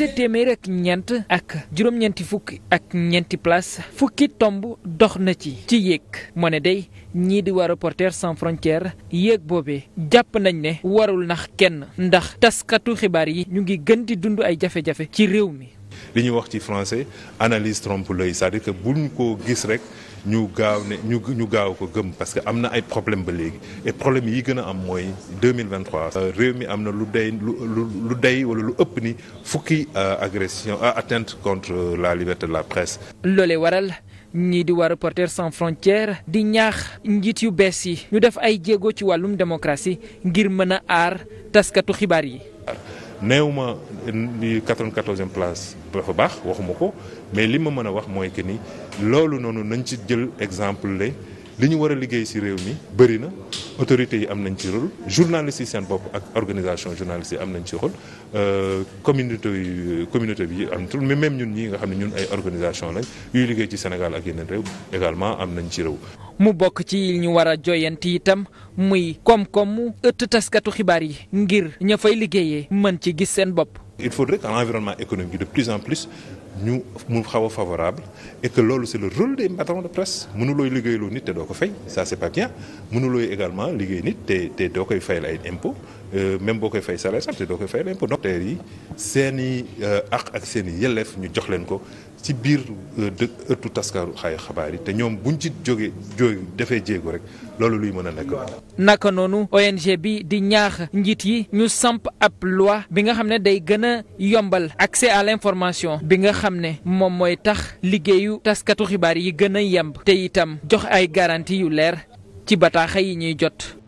te téeméer ak ñeent ak juróom fukk ak ñeenti place fukki tomb dox na ci ci yéeg moo ne day ñii di waa Reporters sans frontières yéeg boobee jàpp nañ ne warul nax kenn ndax taskatu xibaar yi ñu ngi gën di dund ay jafe-jafe ci réew mi li ñuy wax ci français analyse trompe l'œil c'est-à-dire que buñ ko gis rek ñu gaaw ne ñu ñu gaaw ko gëm parce que am na ay problème ba léegi et problème yi gën a am mooy 2023 euh, réew mi am na lu day lu lu day wala lu ëpp ni fukki euh, agression euh, atteinte contre la liberté de la presse loole waral ñii di waa Reporters sans frontières di ñaax njiit yu bees yi ñu def ay jéego ci wàllum démocratie ngir mën a aar taskatu xibaar yi néew ma 94e place dafa baax waxuma ko mais li ma mën a wax mooy que ni loolu noonu nañ ci jël exemple le li ñu war a liggéey ci réew mi bëri na autorités yi am nañ ci rôle journalistes yi seen bopp ak organisation journalistes yi am nañ ci rôle euh, communauté yi communauté bi am na mais ñun ñi nga xam ne ñun ay organisation lañ yuy liggéey ci Sénégal ak yeneen réew également am nañ ci réew. mu bokk ci ñu war a joyanti itam muy koom-koom ëtt taskatu xibaar yi ngir ña fay liggéeyee man ci gis seen bopp. il faudrait qu'un environnement économique de plus en plus. ñu mu xaw favorable et que loolu c'est le rôle des patrons de presse mënulooy liggéeyloo nit te doo ko fay ça c'est pas bien mënulooy également liggéey nit te te doo koy fayal ay impôt euh, même boo koy fay salaire sax te doo koy fayal impôt docteurs yi seen i euh, àq ak seen i yelleef ñu jox leen ko ci biir euh, dë ëttu taskaaru xaay xabaar yi te ñoom buñ ci jógee jóge defee jéego rek loolu luy mën a nekk naka noonu ONG bi di ñaax njiit yi ñu samp ab loi bi nga xam ne day gën a yombal accès à l'information bi nga xam ne moom mooy tax liggéeyu taskatu xibaar yi gën a yemb te itam jox ay garantie yu leer ci bataax yi ñuy jot